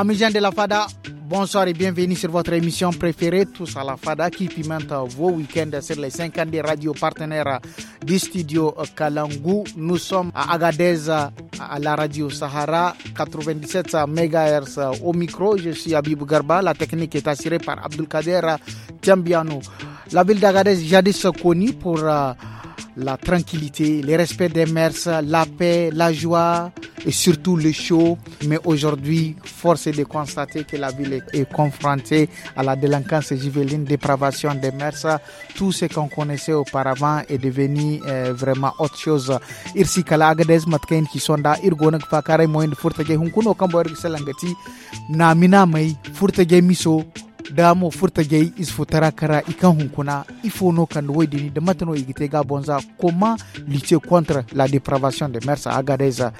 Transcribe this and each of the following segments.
Amis de la FADA, bonsoir et bienvenue sur votre émission préférée, Tous à la FADA, qui pimente vos week-ends sur les 50 des radios partenaires du studio Kalangu. Nous sommes à Agadez, à la radio Sahara, 97 MHz au micro. Je suis Abib Garba. La technique est assurée par Abdelkader Tiambiano. La ville d'Agadez, jadis connue pour. Euh, la tranquillité, le respect des mers, la paix, la joie et surtout le chaud. Mais aujourd'hui, force est de constater que la ville est confrontée à la délinquance juvénile, dépravation des mers. Tout ce qu'on connaissait auparavant est devenu euh, vraiment autre chose. Irsi matkain qui sont damo furta gei is futara kara ikan hunkuna ifo no kan woy dini de matano igite gabonza comment lutter contre la dépravation des mers à Agadeza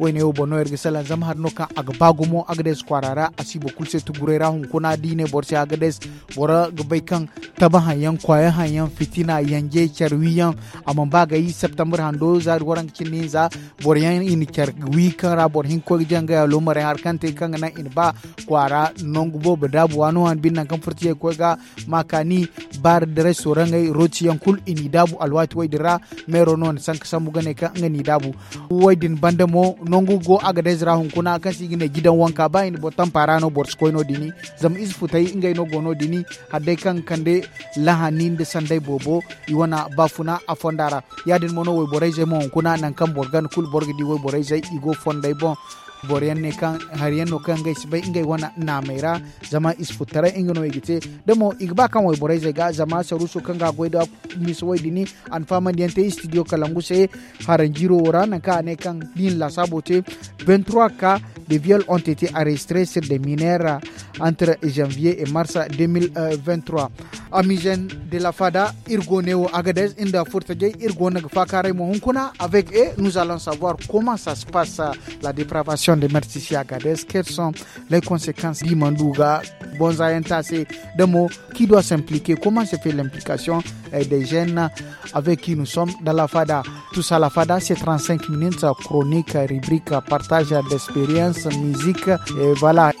wene yo bono ergi sala zam har no kan aga bagumo agades kwarara asibo kulse tugurera hun kuna dine borse agades bora gbai kan taba hanyan kwaya hanyan fitina yanje charwiyan amma baga yi september hando za waran kinni za yan in charwi kan ra bor hin ko janga ya lo mare har kan te kan na in ba kwara nongbo badabu wano han bin nan kan furtiye ko ga makani bar dare sorangai yan kul ini dabu alwati waidira mero non sanka samu gane kan ngani dabu waidin bandamo nongu go agadez ra hun kuna kasi gine gidan wanka ba no bo tamparano no dini zam is futai ingay no go no dini hade kan kande lahanin de sandai bobo wana bafuna afondara yadin mono wo boraize mo kuna nan kan borgan kul di wo i go fondai bon boryanne kan hariyanno kanga isbay ingay wana namera zama isfutara ingino egite demo igba kan way boray zega zama saruso kanga goyda misway dini an fama diante studio kalangu se haranjiro wora nanka ne kan din la sabote 23 ka de viol ont été arrestés sur des mineurs entre janvier et mars 2023 jeunes de la fada irgoneo agadez inda fakare avec eux nous allons savoir comment ça se passe la dépravation de mers agadez quelles sont les conséquences d'imandouga de qui doit s'impliquer comment se fait l'implication eh, des jeunes avec qui nous sommes dans la fada tout ça la fada c'est 35 minutes chronique rubrique partage d'expérience musique et voilà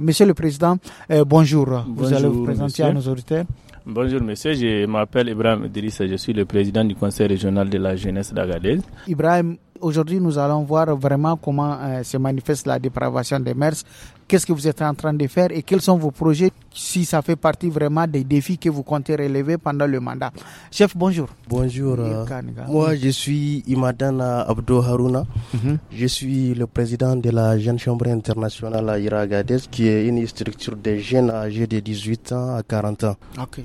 monsieur le président eh, bonjour. vous allez vous présenter à nos auditeurs Bonjour monsieur, je m'appelle Ibrahim Idrissa, je suis le président du conseil régional de la jeunesse d'Agadez. Ibrahim, aujourd'hui nous allons voir vraiment comment euh, se manifeste la dépravation des mers qu'est-ce que vous êtes en train de faire et quels sont vos projets si ça fait partie vraiment des défis que vous comptez relever pendant le mandat. Chef, bonjour. Bonjour. Euh, moi, je suis Imadana Abdo Haruna. Mhm. Je suis le président de la Jeune Chambre internationale à Iragades, qui est une structure des jeunes âgés de 18 ans à 40 ans. Ok.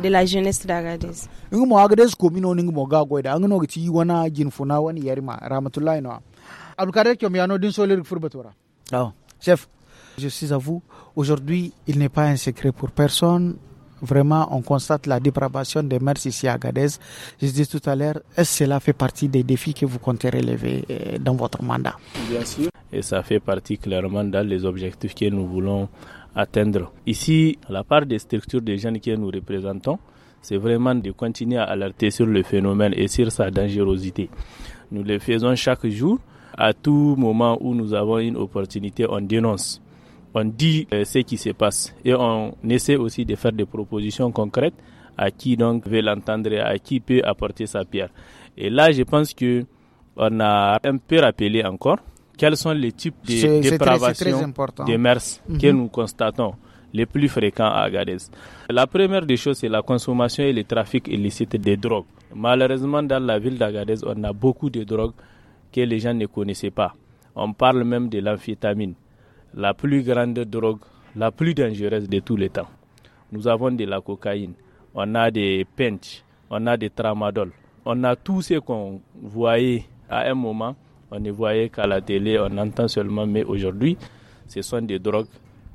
de la jeunesse d'Agadez. Ngi mo Agadez ko mino ngi mo gago da ngino wana jin funa wani yarima rahmatullahi no. mi Kyomiano din solir furbatora. Oh, chef, je suis à vous. Aujourd'hui, il n'est pas un secret pour personne vraiment, on constate la dépravation des mers ici à Gadez. Je disais tout à l'heure, est-ce que cela fait partie des défis que vous comptez relever euh, dans votre mandat Bien sûr. Et ça fait partie clairement dans les objectifs que nous voulons atteindre. Ici, la part des structures des jeunes que nous représentons, c'est vraiment de continuer à alerter sur le phénomène et sur sa dangerosité. Nous le faisons chaque jour. À tout moment où nous avons une opportunité, on dénonce on dit euh, ce qui se passe et on essaie aussi de faire des propositions concrètes à qui donc veut l'entendre et à qui peut apporter sa pierre. Et là, je pense que on a un peu rappelé encore quels sont les types de dépravations de mers mhm. que nous constatons les plus fréquents à Agadez. La première des choses, c'est la consommation et le trafic illicite des drogues. Malheureusement, dans la ville d'Agadez, on a beaucoup de drogues que les gens ne connaissaient pas. On parle même de l'amphétamine la plus grande drogue, la plus dangereuse de tous les temps. Nous avons de la cocaïne, on a des pinches, on a des tramadol, on a tout ce qu'on voyait à un moment, on ne voyait qu'à la télé, on entend seulement, mais aujourd'hui, ce sont des drogues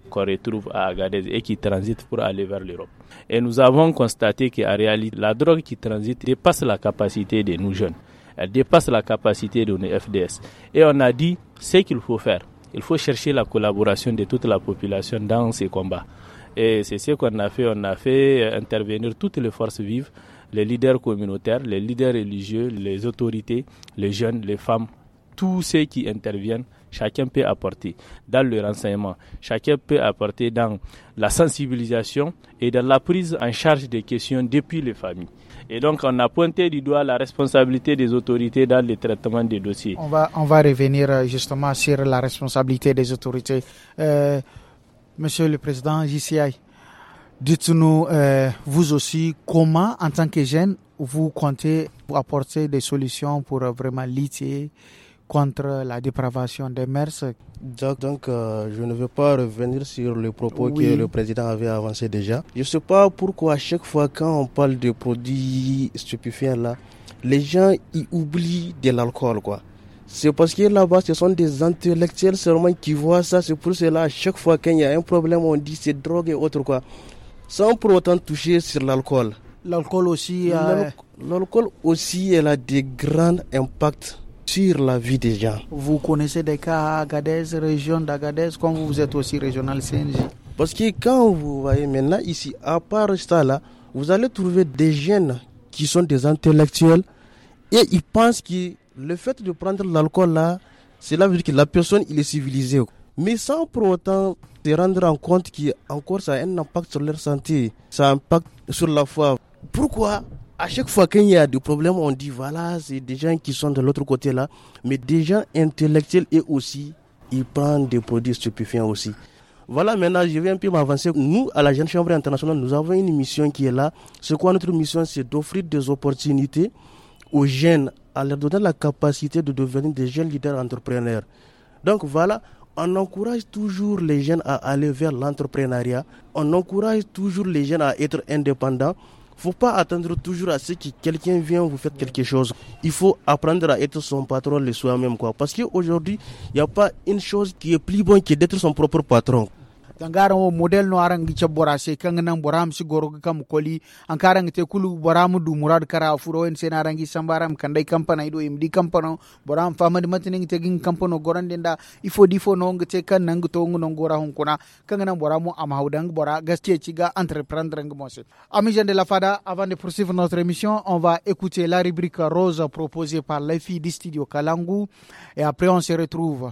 qu'on retrouve à Agadez et qui transitent pour aller vers l'Europe. Et nous avons constaté qu'en réalité, la drogue qui transite dépasse la capacité de nous jeunes. Elle dépasse la capacité de nos FDS. Et on a dit ce qu'il faut faire. Il faut chercher la collaboration de toute la population dans ces combats. Et c'est ce qu'on a fait. On a fait euh, intervenir toutes les forces vives, les leaders communautaires, les leaders religieux, les autorités, les jeunes, les femmes, tous ceux qui interviennent. Chacun peut apporter dans le renseignement, chacun peut apporter dans la sensibilisation et dans la prise en charge des questions depuis les familles. Et donc, on a pointé du doigt la responsabilité des autorités dans le traitement des dossiers. On va, on va revenir euh, justement sur la responsabilité des autorités. Euh, monsieur le Président JCI, dites-nous, euh, vous aussi, comment, en tant que jeune, vous comptez apporter des solutions pour vraiment lutter contre la dépravation des mers. Donc, euh, je ne veux pas revenir sur les propos que le président avait avancé déjà. Je ne sais pas pourquoi à chaque fois quand on parle de produits stupéfiants là, les gens y oublient de l'alcool quoi. C'est parce que là-bas, ce sont des intellectuels seulement qui voient ça. C'est pour cela, à chaque fois qu'il y a un problème, on dit c'est drogue et autre quoi. Sans pour autant toucher sur l'alcool. L'alcool aussi. Euh, l'alcool aussi, elle a des grands impacts sur la vie des gens. Vous connaissez des cas à Agadez, région d'Agadez, quand vous êtes aussi régional CNJ Parce que quand vous voyez maintenant ici, à part ça là, vous allez trouver des jeunes qui sont des intellectuels et ils pensent que le fait de prendre l'alcool là, c'est veut dire que la personne il est civilisée. Mais sans pour autant se rendre en compte qu'encore ça a un impact sur leur santé, ça a un impact sur la foi. Pourquoi à chaque fois qu'il y a des problèmes, on dit voilà, c'est des gens qui sont de l'autre côté là, mais des gens intellectuels et aussi, ils prennent des produits stupéfiants aussi. Voilà, maintenant, je vais un peu m'avancer. Nous, à la Jeune Chambre internationale, nous avons une mission qui est là. C'est quoi notre mission C'est d'offrir des opportunités aux jeunes, à leur donner la capacité de devenir des jeunes leaders entrepreneurs. Donc voilà, on encourage toujours les jeunes à aller vers l'entrepreneuriat. On encourage toujours les jeunes à être indépendants faut pas attendre toujours à ce que quelqu'un vienne vous faire quelque chose. Il faut apprendre à être son patron le soi-même, quoi. Parce qu'aujourd'hui, il n'y a pas une chose qui est plus bonne que d'être son propre patron tangara wo model no aran gice bora se kan si goro kam koli an te kulu du murad kara furo en sambaram kandai kampana ido kampano boram famad matinin te gin kampano goran denda ifo difo no ngate kan nan to ngono gora bora bora gastier chiga ga entreprendre ng ami de la fada avant de poursuivre notre émission on va écouter la rubrique rose proposée par les filles du studio Kalangu et après on se retrouve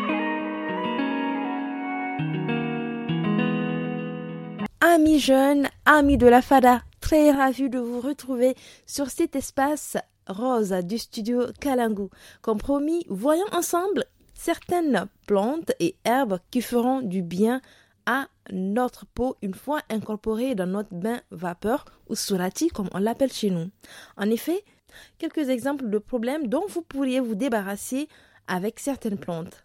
amis jeunes, amis de la Fada, très ravi de vous retrouver sur cet espace rose du studio Kalangu. Comme promis, voyons ensemble certaines plantes et herbes qui feront du bien à notre peau une fois incorporées dans notre bain vapeur ou surati comme on l'appelle chez nous. En effet, quelques exemples de problèmes dont vous pourriez vous débarrasser avec certaines plantes.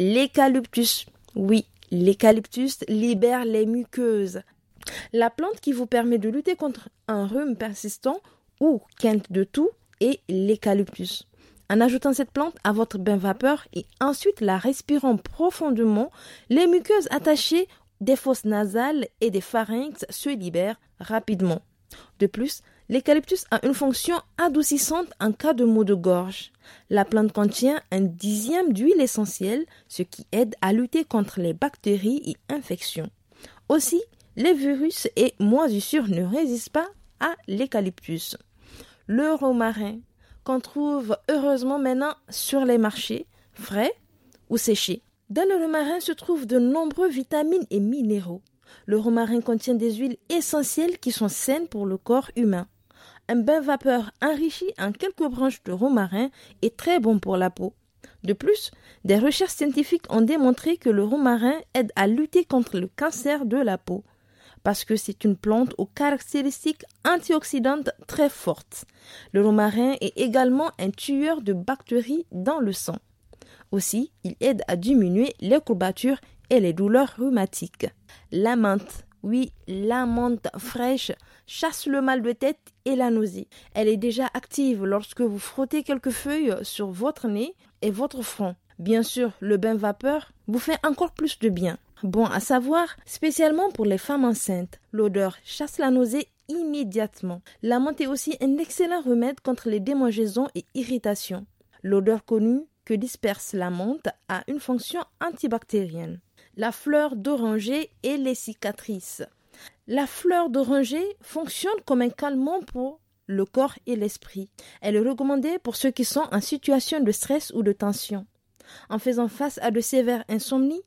L'eucalyptus. Oui, l'eucalyptus libère les muqueuses. La plante qui vous permet de lutter contre un rhume persistant ou quinte de toux est l'eucalyptus. En ajoutant cette plante à votre bain vapeur et ensuite la respirant profondément, les muqueuses attachées des fosses nasales et des pharynx se libèrent rapidement. De plus, L'eucalyptus a une fonction adoucissante en cas de maux de gorge. La plante contient un dixième d'huile essentielle, ce qui aide à lutter contre les bactéries et infections. Aussi, les virus et moisissures ne résistent pas à l'eucalyptus. Le romarin, qu'on trouve heureusement maintenant sur les marchés, frais ou séchés. Dans le romarin se trouvent de nombreux vitamines et minéraux. Le romarin contient des huiles essentielles qui sont saines pour le corps humain un bain vapeur enrichi en quelques branches de romarin est très bon pour la peau. De plus, des recherches scientifiques ont démontré que le romarin aide à lutter contre le cancer de la peau, parce que c'est une plante aux caractéristiques antioxydantes très fortes. Le romarin est également un tueur de bactéries dans le sang. Aussi, il aide à diminuer les courbatures et les douleurs rhumatiques. La menthe oui, la menthe fraîche chasse le mal de tête et la nausée. Elle est déjà active lorsque vous frottez quelques feuilles sur votre nez et votre front. Bien sûr, le bain vapeur vous fait encore plus de bien. Bon à savoir, spécialement pour les femmes enceintes, l'odeur chasse la nausée immédiatement. La menthe est aussi un excellent remède contre les démangeaisons et irritations. L'odeur connue que disperse la menthe a une fonction antibactérienne la fleur d'oranger et les cicatrices. La fleur d'oranger fonctionne comme un calmant pour le corps et l'esprit. Elle est recommandée pour ceux qui sont en situation de stress ou de tension. En faisant face à de sévères insomnies,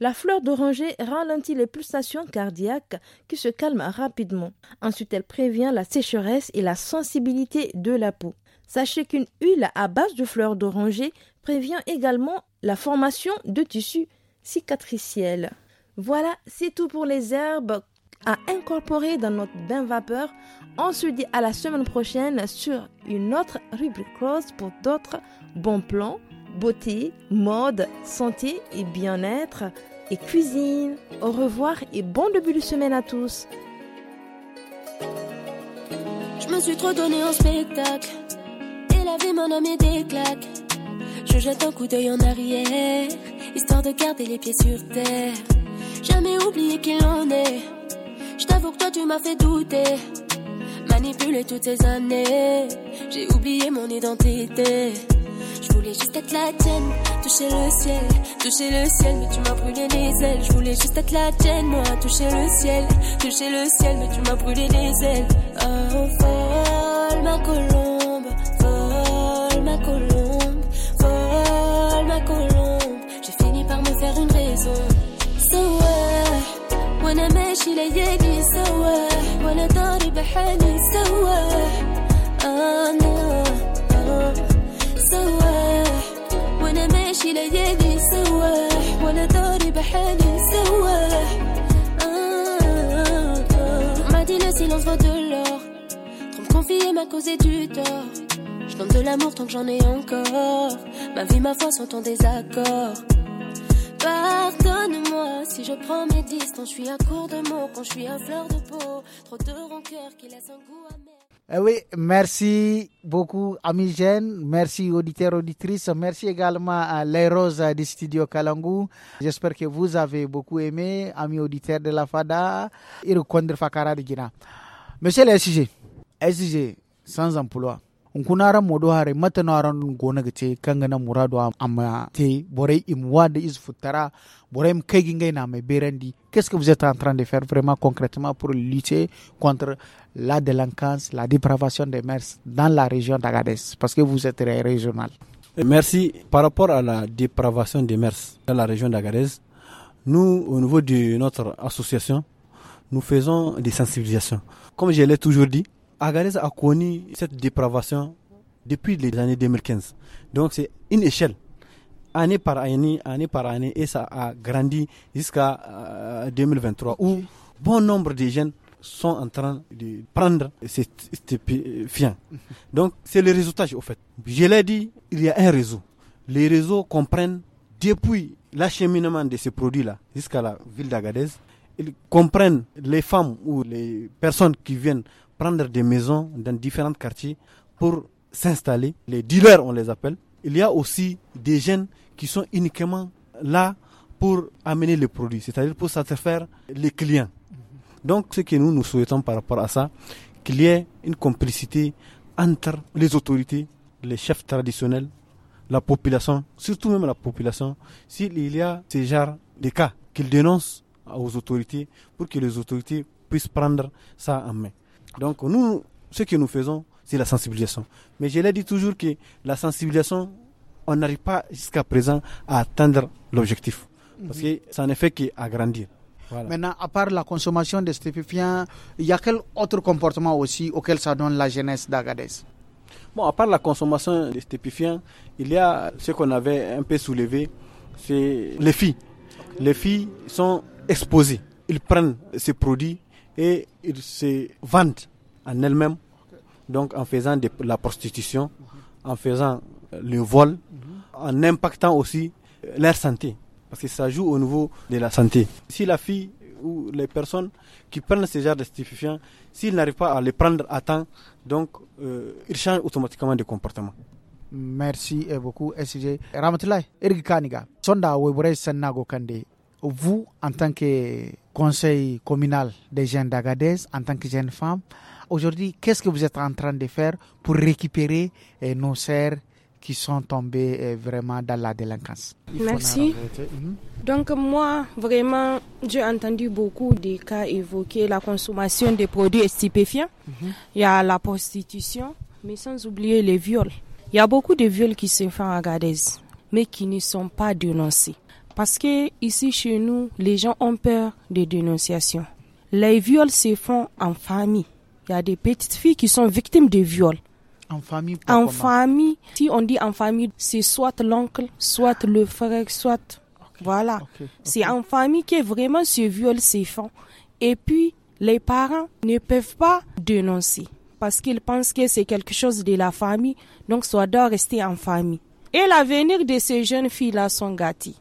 la fleur d'oranger ralentit les pulsations cardiaques qui se calment rapidement. Ensuite, elle prévient la sécheresse et la sensibilité de la peau. Sachez qu'une huile à base de fleur d'oranger prévient également la formation de tissus cicatricielle. Voilà, c'est tout pour les herbes à incorporer dans notre bain vapeur. On se dit à la semaine prochaine sur une autre rubrique rose pour d'autres bons plans, beauté, mode, santé et bien-être et cuisine. Au revoir et bon début de semaine à tous. Je me suis trop donné spectacle et la des claques. Je jette un coup d'œil en arrière histoire de garder les pieds sur terre. Jamais oublier qui l'on est. Je t'avoue que toi tu m'as fait douter. Manipuler toutes ces années, j'ai oublié mon identité. Je voulais juste être la tienne, toucher le ciel, toucher le ciel, mais tu m'as brûlé les ailes. Je voulais juste être la tienne, moi, toucher le ciel, toucher le ciel, mais tu m'as brûlé les ailes. Oh, folle, ma colonne. dit le silence vaut de l'or confier m'a causé du tort Je donne de l'amour tant que j'en ai encore Ma vie, ma foi sont en désaccord Pardonne si je prends mes quand je suis à court de mots quand je suis à fleur de peau. Trop de rancœur qui laisse un goût amer. Eh oui, merci beaucoup, Ami Jeanne. Merci, auditeurs, auditrices. Merci également à Les Roses du studio Kalangu. J'espère que vous avez beaucoup aimé, amis auditeurs de la FADA. et Irukondre Fakara de Guina. Monsieur le SG, SG, sans emploi qu'est-ce que vous êtes en train de faire vraiment concrètement pour lutter contre la délinquance la dépravation des mers dans la région d'Agadez parce que vous êtes régional Merci. Par rapport à la dépravation des mers dans la région d'Agadez, nous, au niveau de notre association, nous faisons des sensibilisations. Comme je l'ai toujours dit, Agadez a connu cette dépravation depuis les années 2015. Donc c'est une échelle, année par année, année par année, et ça a grandi jusqu'à 2023, euh, où bon nombre de jeunes sont en train de prendre ces stupéfiants. Euh, Donc c'est le résultat, au fait. Je l'ai dit, il y a un réseau. Les réseaux comprennent depuis l'acheminement de ces produits-là jusqu'à la ville d'Agadez. Ils comprennent les femmes ou les personnes qui viennent prendre des maisons dans différents quartiers pour s'installer. Les dealers, on les appelle. Il y a aussi des jeunes qui sont uniquement là pour amener les produits, c'est-à-dire pour satisfaire les clients. Donc, ce que nous nous souhaitons par rapport à ça, qu'il y ait une complicité entre les autorités, les chefs traditionnels, la population, surtout même la population, s'il y a ces genre de cas qu'ils dénoncent aux autorités pour que les autorités puissent prendre ça en main. Donc nous, ce que nous faisons, c'est la sensibilisation. Mais je l'ai dit toujours que la sensibilisation, on n'arrive pas jusqu'à présent à atteindre l'objectif. Parce que mhm. ça ne fait qu'agrandir. Voilà. Maintenant, à part la consommation de stupéfiants, il y a quel autre comportement aussi auquel ça donne la jeunesse d'Agadez Bon, à part la consommation de stupéfiants, il y a ce qu'on avait un peu soulevé, c'est les filles. Les filles sont exposées. Ils prennent ces produits et ils se vendent en elles-mêmes, donc en faisant de la prostitution, en faisant euh, le vol, en impactant aussi euh, leur santé, parce que ça joue au niveau de la santé. Si la fille ou les personnes qui prennent ce genre de stupéfiants, s'ils n'arrivent pas à les prendre à temps, donc euh, ils changent automatiquement de comportement. merci beaucoup sj kaniga sonda kande vous, en tant que conseil communal des jeunes d'Agadez, en tant que jeune femme, aujourd'hui, qu'est-ce que vous êtes en train de faire pour récupérer eh, nos sœurs qui sont tombées eh, vraiment dans la délinquance Merci. Mhm. Donc moi, vraiment, j'ai entendu beaucoup de cas évoquer la consommation des produits stupéfiants. Mhm. Il y a la prostitution, mais sans oublier les viols. Il y a beaucoup de viols qui se font à Agadez, mais qui ne sont pas dénoncés. Parce que ici chez nous, les gens ont peur des dénonciations. Les viols se font en famille. Il y a des petites filles qui sont victimes de viols. En famille En famille, si on dit en famille, c'est soit l'oncle, soit le frère, soit. Voilà. C'est en famille que vraiment ce viol se font. Et puis, les parents ne peuvent pas dénoncer parce qu'ils pensent que c'est quelque chose de la famille, donc ça doit rester en famille. Et l'avenir de ces jeunes filles-là sont gâtés.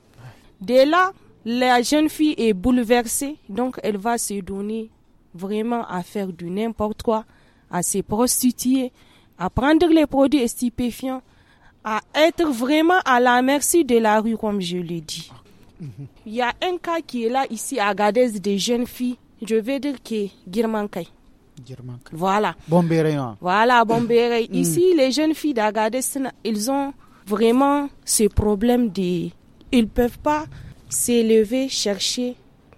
Dès là, la jeune fille est bouleversée, donc elle va se donner vraiment à faire du n'importe quoi, à se prostituer, à prendre les produits stupéfiants, à être vraiment à la merci de la rue, comme je l'ai dit. Il y a un cas qui est là ici à Gadez des jeunes filles, je vais dire que Girmankai. Voilà. Hein. Voilà, Bombéré. Mm. Ici, les jeunes filles d'Agadez, ils ont vraiment ce problème de... Ils ne peuvent pas s'élever, chercher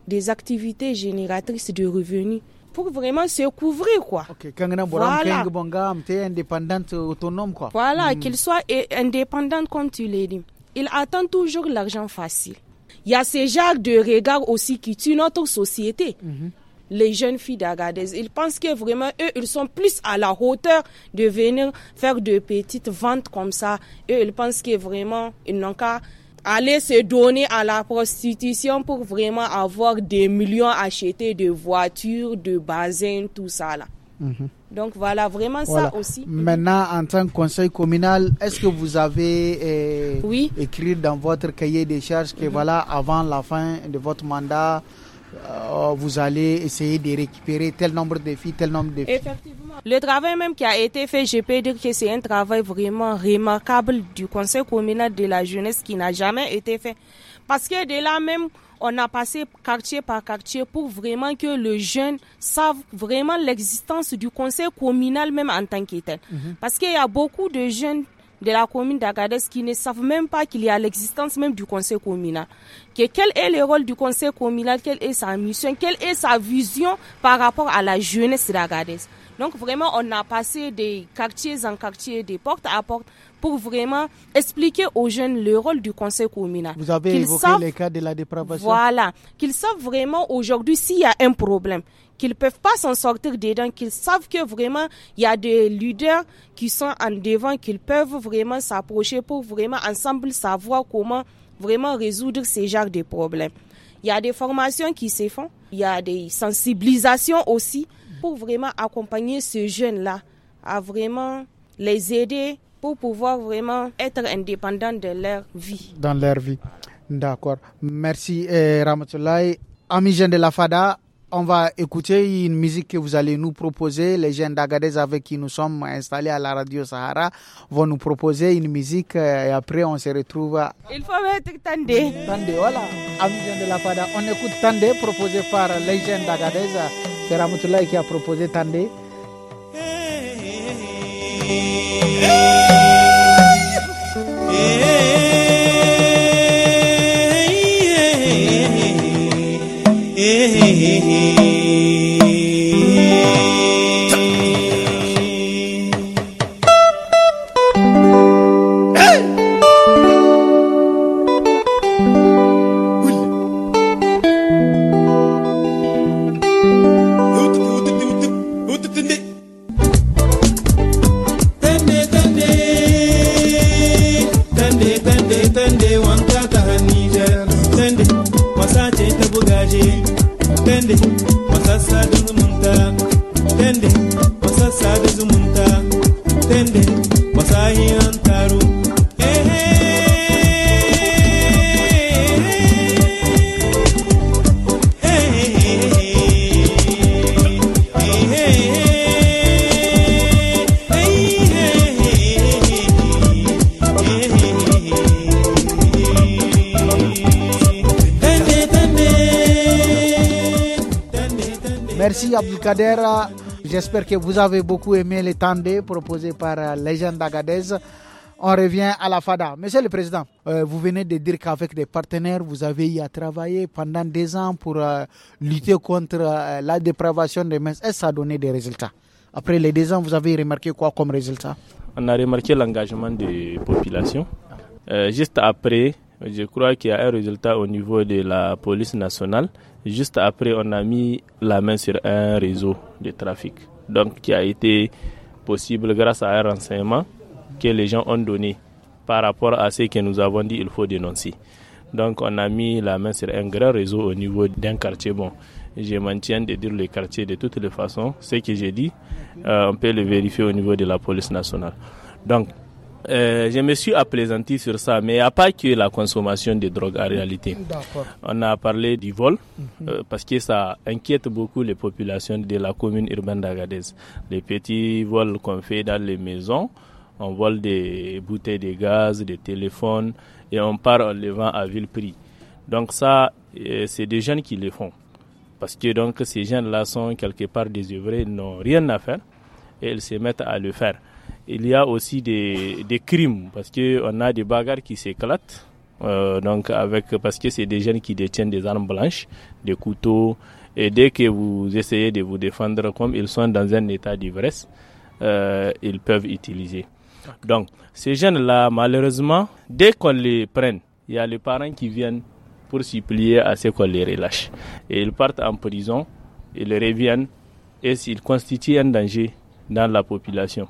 des activités génératrices de revenus pour vraiment se couvrir quoi. Voilà, autonome quoi. Voilà, hmm. qu'ils soient indépendants comme tu l'as dit. Ils attendent toujours l'argent facile. Il y a ce genre de regard aussi qui tue notre société. Mhm. Les jeunes filles d'Agadez, ils pensent que vraiment eux, ils sont plus à la hauteur de venir faire de petites ventes comme ça. Eux, ils pensent que vraiment, ils n'ont qu'à aller se donner à la prostitution pour vraiment avoir des millions achetés de voitures, de bazins, tout ça là. Mhm. Donc voilà, vraiment ça aussi. Maintenant, en tant que conseil communal, est-ce que vous avez euh, écrit dans votre cahier des charges que mhm. voilà, avant la fin de votre mandat, euh, vous allez essayer de récupérer tel nombre de filles, tel nombre de filles. Effectivement. Le travail même qui a été fait, je peux dire que c'est un travail vraiment remarquable du Conseil communal de la jeunesse qui n'a jamais été fait. Parce que de là même, on a passé quartier par quartier pour vraiment que le jeune savent vraiment l'existence du conseil communal même en tant qu'état. Mhm. Parce qu'il y a beaucoup de jeunes de la commune d'Agadez qui ne savent même pas qu'il y a l'existence même du conseil communal. quel est le rôle du conseil communal, quelle est sa mission, quelle est sa vision par rapport à la jeunesse d'Agadez. Donc vraiment, on a passé des quartiers en quartier, des portes à portes pour vraiment expliquer aux jeunes le rôle du conseil communal. Vous avez évoqué les cas de la dépravation. Voilà, qu'ils savent vraiment aujourd'hui s'il y a un problème, qu'ils ne peuvent pas s'en sortir dedans, qu'ils savent que vraiment il y a des leaders qui sont en devant, qu'ils peuvent vraiment s'approcher pour vraiment ensemble savoir comment vraiment résoudre ces genres de problèmes. Il y a des formations qui se font, il y a des sensibilisations aussi pour vraiment accompagner ces jeunes-là à vraiment les aider pour pouvoir vraiment être indépendant de leur vie. Dans leur vie. D'accord. Merci eh, Ramatoulaye. Amis jeunes de la FADA, on va écouter une musique que vous allez nous proposer. Les jeunes d'Agadez avec qui nous sommes installés à la radio Sahara vont nous proposer une musique eh, et après on se retrouve. Il faut mettre Tandé. Tandé, voilà. Amis jeunes de la FADA, on écoute Tandé proposé par les jeunes d'Agadez. C'est Ramatoulaye qui a proposé Tandé. He he he. J'espère que vous avez beaucoup aimé les tendés proposés par Légende d'Agadez. On revient à la FADA. Monsieur le Président, euh, vous venez de dire qu'avec des partenaires, vous avez y pendant des ans pour euh, lutter contre euh, la dépravation des menses. Est-ce que ça a donné des résultats Après les deux ans, vous avez remarqué quoi comme résultat On a remarqué l'engagement des populations. juste après, je crois qu'il y a un résultat au niveau de la police nationale Juste après, on a mis la main sur un réseau de trafic, donc qui a été possible grâce à un renseignement que les gens ont donné par rapport à ce que nous avons dit, il faut dénoncer. Donc on a mis la main sur un grand réseau au niveau d'un quartier. Bon, je maintiens de dire le quartier de toutes les façons. Ce que j'ai dit, euh, on peut le vérifier au niveau de la police nationale. Donc euh, je me suis applaisanti sur ça, mais il n'y a pas que la consommation de drogue en réalité. On a parlé du vol, mhm. euh, parce que ça inquiète beaucoup les populations de la commune urbaine d'Agadez. Les petits vols qu'on fait dans les maisons, on vole des bouteilles de gaz, des téléphones, et on part en les à vil prix. Donc ça, euh, c'est des jeunes qui le font. Parce que donc ces jeunes-là sont quelque part désœuvrés, n'ont rien à faire, et ils se mettent à le faire. Il y a aussi des, crimes parce qu'on a des bagarres qui s'éclatent. Euh, donc avec parce que c'est des jeunes qui détiennent des armes blanches, des couteaux et dès que vous essayez de vous défendre comme ils sont dans un état d'ivresse, euh, ils peuvent utiliser. Donc ces jeunes-là malheureusement dès qu'on les prenne, il y a les parents qui viennent pour supplier à ce qu'on les relâche et ils partent en prison, ils reviennent et ils constituent un danger dans la population.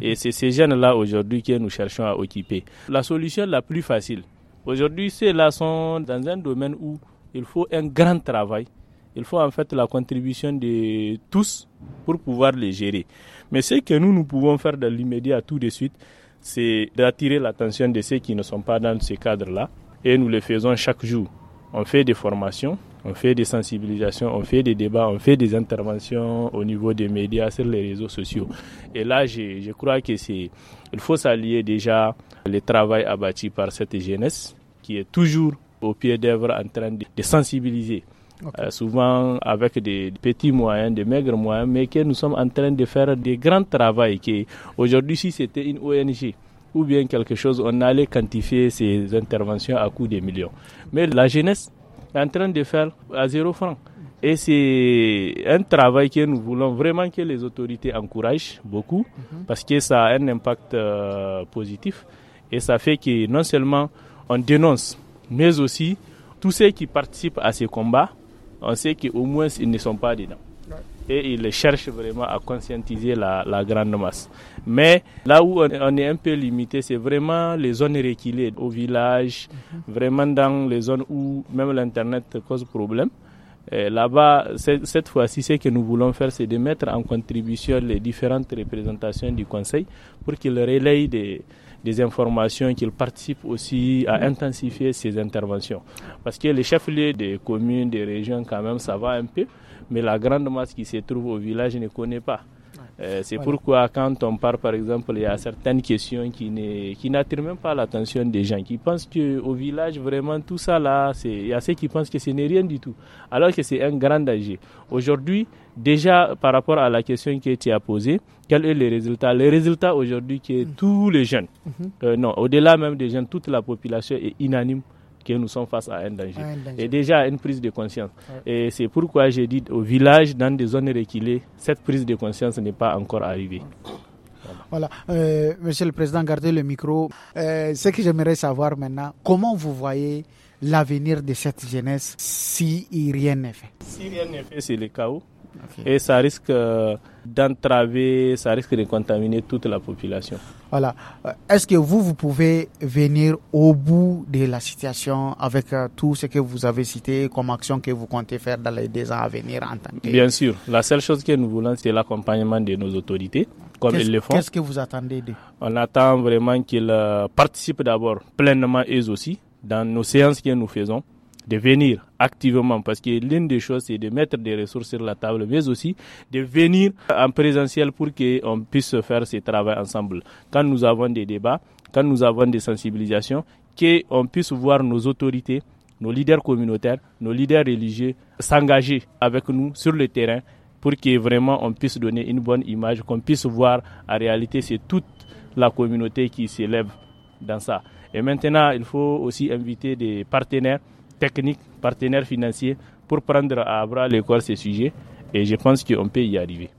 Et c'est ces jeunes-là aujourd'hui que nous cherchons à occuper. La solution la plus facile, aujourd'hui, ceux-là sont dans un domaine où il faut un grand travail. Il faut en fait la contribution de tous pour pouvoir les gérer. Mais ce que nous, nous pouvons faire dans l'immédiat tout de suite, c'est d'attirer l'attention de ceux qui ne sont pas dans ce cadre-là. Et nous le faisons chaque jour. On fait des formations, on fait des sensibilisations, on fait des débats, on fait des interventions au niveau des médias, sur les réseaux sociaux. Et là, je, crois que c'est, il faut s'allier déjà le travail abattu par cette jeunesse qui est toujours au pied d'œuvre en train de, sensibiliser. Euh, souvent avec des petits moyens, des maigres moyens, mais que nous sommes en train de faire des grands travaux. Aujourd'hui, si c'était une ONG, ou bien quelque chose, on allait quantifier ces interventions à coût des millions. Mais la jeunesse, en train de faire à zéro franc. Et c'est un travail que nous voulons vraiment que les autorités encouragent beaucoup, mhm. parce que ça a un impact euh, positif. Et ça fait que non seulement on dénonce, mais aussi tous ceux qui participent à ces combats, on sait qu'au moins ils ne sont pas dedans et il cherche vraiment à conscientiser la, grande masse. Mais là où on, est un peu limité, c'est vraiment les zones reculées au village, mhm. vraiment dans les zones où même l'Internet cause problème. Là-bas, cette fois-ci, ce que nous voulons faire, c'est de mettre en contribution les différentes représentations du Conseil pour qu'ils relayent des, des informations, qu'ils participent aussi à mhm. intensifier ces interventions. Parce que les chefs-lieux des communes, des régions, quand même, ça va un peu mais la grande masse qui se trouve au village ne connaît pas. Euh, c'est pourquoi quand on part, par exemple, il y a certaines questions qui, n'attirent même pas l'attention des gens, qui pensent qu'au village, vraiment, tout ça là, il y a ceux qui pensent que ce n'est rien du tout, alors que c'est un grand danger. Aujourd'hui, déjà par rapport à la question qui a été posée, quel est le résultat Le résultat aujourd'hui, qui est mm. tous les jeunes, mm-hmm. euh, non, au-delà même des jeunes, toute la population est inanime que nous sommes face à un danger. Et déjà une prise de conscience. Et c'est pourquoi j'ai dit au village, dans des zones réquilées, cette prise de conscience n'est pas encore arrivée. Voilà, euh, Monsieur le Président, gardez le micro. Euh, ce que j'aimerais savoir maintenant, comment vous voyez l'avenir de cette jeunesse si rien n'est fait Si rien n'est fait, c'est le chaos. Et ça risque euh, d'entraver, ça risque de contaminer toute la population. Voilà. Euh, est-ce que vous, vous pouvez venir au bout de la situation avec euh, tout ce que vous avez cité comme action que vous comptez faire dans les deux ans à venir en tant que... Bien sûr. La seule chose que nous voulons, c'est l'accompagnement de nos autorités, comme ils le font. Qu'est-ce que vous attendez d'eux On attend vraiment qu'ils participent d'abord pleinement, eux aussi, dans nos séances que nous faisons de venir activement, parce que l'une des choses, c'est de mettre des ressources sur la table, mais aussi de venir en présentiel pour qu'on puisse faire ce travail ensemble. Quand nous avons des débats, quand nous avons des sensibilisations, qu'on puisse voir nos autorités, nos leaders communautaires, nos leaders religieux s'engager avec nous sur le terrain pour que vraiment on puisse donner une bonne image, qu'on puisse voir en réalité c'est toute la communauté qui s'élève dans ça. Et maintenant, il faut aussi inviter des partenaires techniques, partenaires financiers pour prendre à bras le corps ces sujets et je pense qu'on peut y arriver.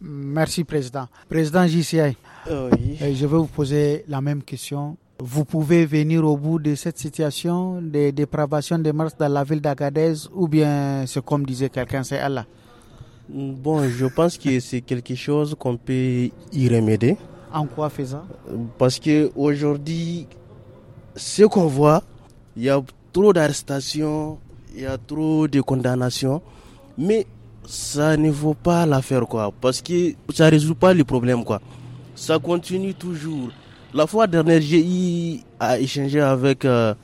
Merci, Président. Président JCI, euh, euh, je vais vous poser la même question. Vous pouvez venir au bout de cette situation de dépravation des mœurs dans la ville d'Agadez ou bien c'est comme disait quelqu'un, c'est Allah Bon, je pense que c'est quelque chose qu'on peut y remédier. En quoi faisant Parce qu'aujourd'hui, ce qu'on voit, il y a trop d'arrestations, il y a trop de condamnations, mais ça ne vaut pas l'affaire, quoi, parce que ça ne résout pas le problème, quoi. Ça continue toujours. La fois dernière, j'ai à échanger avec euh,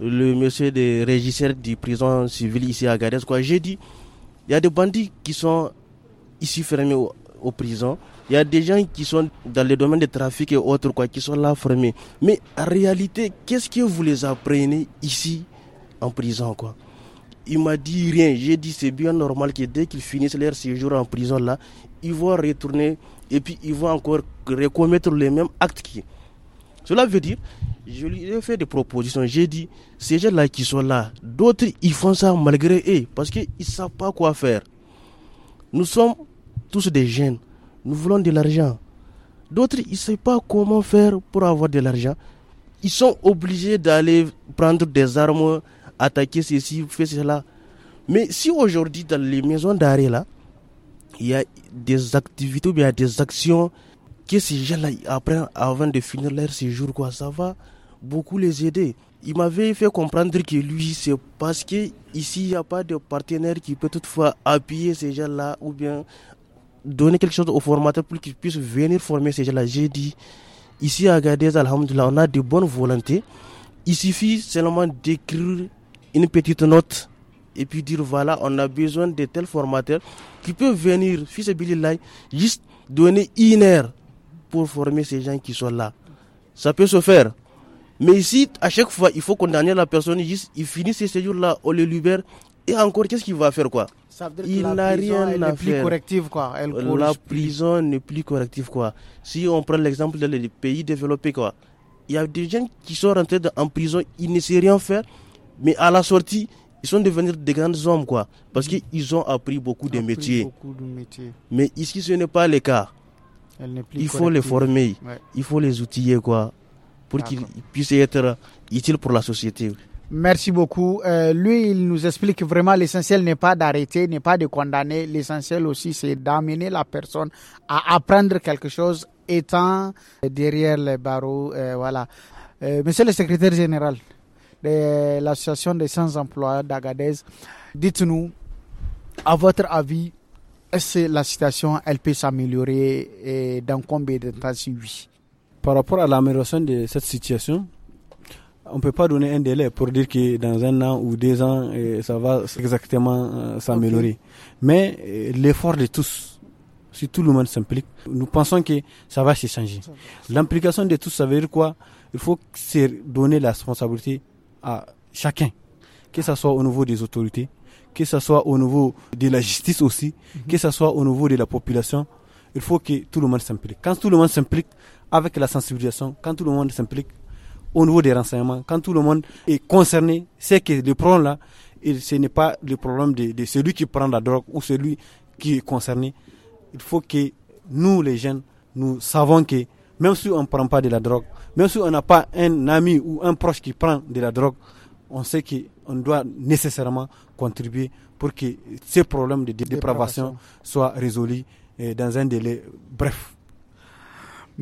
le monsieur des régisseurs des prison civil ici à Gades, quoi. J'ai dit, il y a des bandits qui sont ici fermés aux prisons. Il y a des gens qui sont dans le domaine des trafics et autres, quoi, qui sont là formés. Mais en réalité, qu'est-ce que vous les apprenez ici, en prison, quoi Il m'a dit rien. J'ai dit c'est bien normal que dès qu'ils finissent leur séjour en prison, là, ils vont retourner et puis ils vont encore recommettre les mêmes actes qui. Cela veut dire, je lui ai fait des propositions. J'ai dit, ces gens-là qui sont là, d'autres, ils font ça malgré eux parce qu'ils ne savent pas quoi faire. Nous sommes tous des jeunes nous voulons de l'argent. D'autres, ils ne savent pas comment faire pour avoir de l'argent. Ils sont obligés d'aller prendre des armes, attaquer ceci, faire cela. Mais si aujourd'hui, dans les maisons d'arrêt, là, il y a des activités ou bien des actions que ces gens-là apprennent avant de finir leur séjour, quoi, ça va beaucoup les aider. Il m'avait fait comprendre que lui, c'est parce que ici, il n'y a pas de partenaire qui peut toutefois appuyer ces gens-là ou bien donner quelque chose aux formateurs pour qu'ils puissent venir former ces gens-là. J'ai dit, ici à Gadez, alhamdoulilah, on a de bonnes volontés. Il suffit seulement d'écrire une petite note et puis dire voilà, on a besoin de tels formateurs qui peuvent venir, fils et Billy juste donner une heure pour former ces gens qui sont là. Ça peut se faire. Mais ici, à chaque fois, il faut condamner la personne, juste, il finit ses séjours-là, on le libère, et encore, qu'est-ce qu'il va faire quoi Il n'a rien à faire. quoi. la prison n'est plus corrective quoi. Si on prend l'exemple des pays développés quoi, il y a des gens qui sont rentrés en prison, ils ne savent rien faire, mais à la sortie, ils sont devenus des grands hommes quoi, parce qu'ils ont appris beaucoup de, métiers. Mais ici, ce n'est pas le cas. il faut les former, il faut les outiller quoi, pour qu'ils puissent être utiles pour la société. Merci beaucoup. Euh, lui, il nous explique vraiment l'essentiel n'est pas d'arrêter, n'est pas de condamner. L'essentiel aussi, c'est d'amener la personne à apprendre quelque chose étant derrière les barreaux. Euh, voilà. Euh, monsieur le secrétaire général de l'association des sans-emploi d'Agadez, dites-nous, à votre avis, est-ce que la situation elle peut s'améliorer et dans combien de temps si oui Par rapport à l'amélioration de cette situation, on ne peut pas donner un délai pour dire que dans un an ou deux ans, euh, ça va exactement euh, s'améliorer. Mais euh, l'effort de tous, si tout le monde s'implique, nous pensons que ça va se changer. L'implication de tous, ça veut dire quoi Il faut donner la responsabilité à chacun, que ce soit au niveau des autorités, que ce soit au niveau de la justice aussi, mhm. que ce soit au niveau de la population. Il faut que tout le monde s'implique. Quand tout le monde s'implique, avec la sensibilisation, quand tout le monde s'implique, au niveau des renseignements, quand tout le monde est concerné, c'est que le problème là, et ce n'est pas le problème de, celui qui prend la drogue ou celui qui est concerné. Il faut que nous, les jeunes, nous savons que même si on ne prend pas de la drogue, même si on n'a pas un ami ou un proche qui prend de la drogue, on sait qu'on doit nécessairement contribuer pour que ces problèmes de dépravation soit résolu dans un délai bref.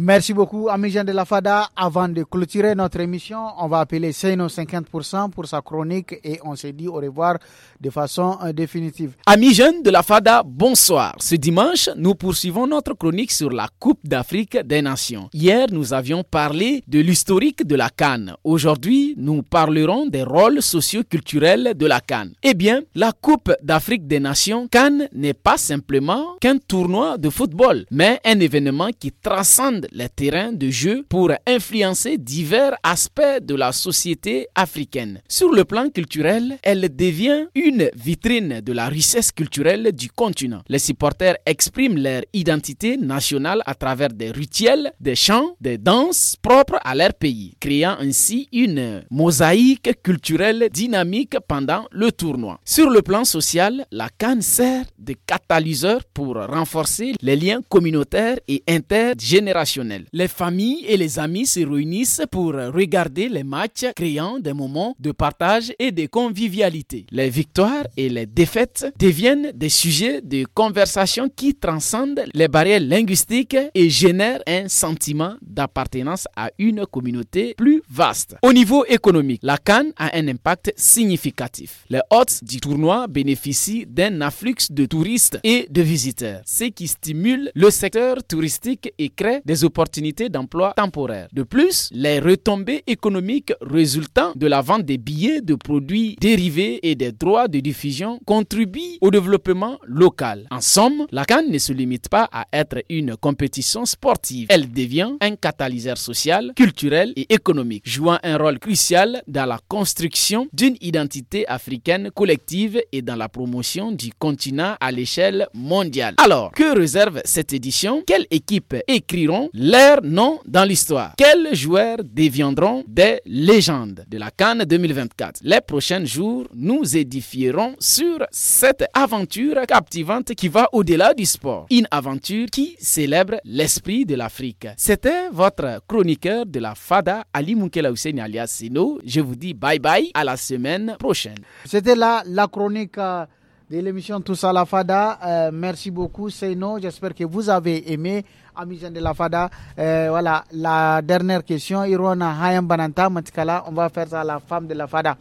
Merci beaucoup, Ami jeunes de la FADA. Avant de clôturer notre émission, on va appeler Seino 50% pour sa chronique et on se dit au revoir de façon euh, définitive. Ami jeunes de la FADA, bonsoir. Ce dimanche, nous poursuivons notre chronique sur la Coupe d'Afrique des Nations. Hier, nous avions parlé de l'historique de la Cannes. Aujourd'hui, nous parlerons des rôles socio-culturels de la Cannes. Eh bien, la Coupe d'Afrique des Nations, Cannes, n'est pas simplement qu'un tournoi de football, mais un événement qui transcende les terrains de jeu pour influencer divers aspects de la société africaine. Sur le plan culturel, elle devient une vitrine de la richesse culturelle du continent. Les supporters expriment leur identité nationale à travers des rituels, des chants, des danses propres à leur pays, créant ainsi une mosaïque culturelle dynamique pendant le tournoi. Sur le plan social, la Cannes sert de catalyseur pour renforcer les liens communautaires et intergénérationnels les familles et les amis se réunissent pour regarder les matchs, créant des moments de partage et de convivialité. Les victoires et les défaites deviennent des sujets de conversation qui transcendent les barrières linguistiques et génèrent un sentiment d'appartenance à une communauté plus vaste. Au niveau économique, la Cannes a un impact significatif. Les hôtes du tournoi bénéficient d'un afflux de touristes et de visiteurs, ce qui stimule le secteur touristique et crée des opportunités d'emploi temporaires. De plus, les retombées économiques résultant de la vente des billets de produits dérivés et des droits de diffusion contribuent au développement local. En somme, la Cannes ne se limite pas à être une compétition sportive. Elle devient un catalyseur social, culturel et économique, jouant un rôle crucial dans la construction d'une identité africaine collective et dans la promotion du continent à l'échelle mondiale. Alors, que réserve cette édition Quelle équipe écriront leur nom dans l'histoire Quels joueurs deviendront des légendes de la Cannes 2024 Les prochains jours nous édifierons sur cette aventure captivante qui va au-delà du sport. Une aventure qui célèbre l'esprit de l'Afrique. C'était votre chroniqueur de la FADA, Ali Moukela Hussein alias Sino. Je vous dis bye bye à la semaine prochaine. C'était là la chronique. Euh, de l'émission Tous à la Fada. Euh, merci beaucoup, Seino. J'espère que vous avez aimé, amis de la Fada. Euh, voilà, la dernière question. Irona Hayam Bananta, Matikala. On va faire ça à la femme de la Fada.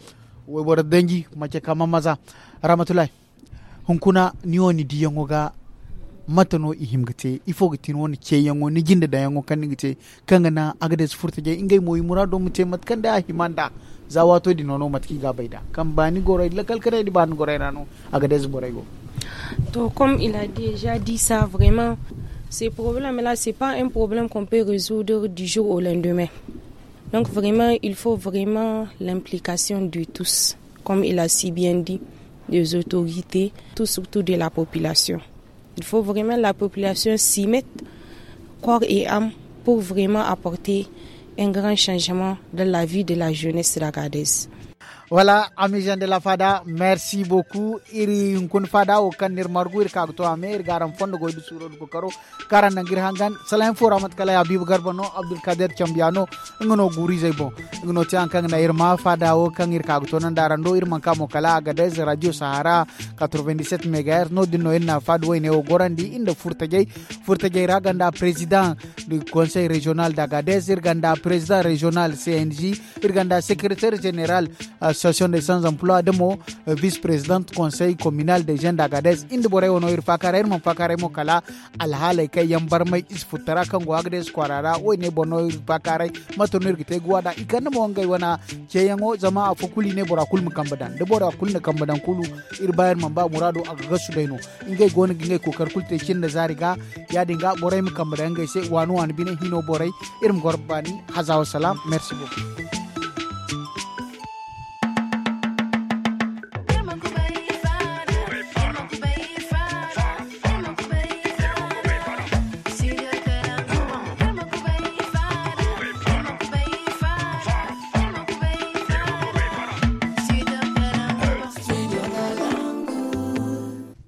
Webar Dengi, Macheka Mamaza. Ramatulai. Hunkuna, Nioni Diyongoga matano ihimgate ifogate won ke yango ni ginda da yango kan ngite kanga na agades furta je moyi mura mute matkan da himanda za wato di nono matki ga baida bani gorai lakal kare di ban gorai rano agades Borego. go to comme il a déjà dit ça vraiment ce problème là c'est pas un problème qu'on peut résoudre du jour au lendemain donc vraiment il faut vraiment l'implication de tous comme il a si bien dit des autorités, tout surtout de la population. Il faut vraiment que la population s'y mette corps et âme pour vraiment apporter un grand changement dans la vie de la jeunesse ragadaise. Voilà, amis gens de la Fada, merci beaucoup. Iri yunkun Fada, o kan nirmargu ir kagto ame, ir garam fondo goydu suro duko karo, karan nangir hangan, salam fo ramat kala Abib Garbano, Abdul Kader Chambiano, ngono guri zaibo, ngono tiang kang na irma Fada o kan kagto nan darando ir manka mokala agadez Radio Sahara 97 MHz no dino enna Fado ene o gorandi inda furtajay, furtajay raganda president du Conseil régional d'Agadez, ir ganda président régional CNJ, ir ganda secrétaire général euh, l'association des sans-emploi de mo vice-présidente conseil communal des jeunes d'Agadez Inde borai wono ir fakare mon fakare mo kala alhala kai yambar mai isfutara kan go Agadez kwarara o ne bono ir fakare matonir gite gwada ikan mo ngai wana ke yango zama a ne bora kulmu kambadan de bora kulna kambadan kulu ir bayar man murado agaga gasu daino ingai gona ngai kokar kulte kin da zariga ya dinga borai mu ngai se wanu wani bine hino bore irin gorbani hazawa salam merci beaucoup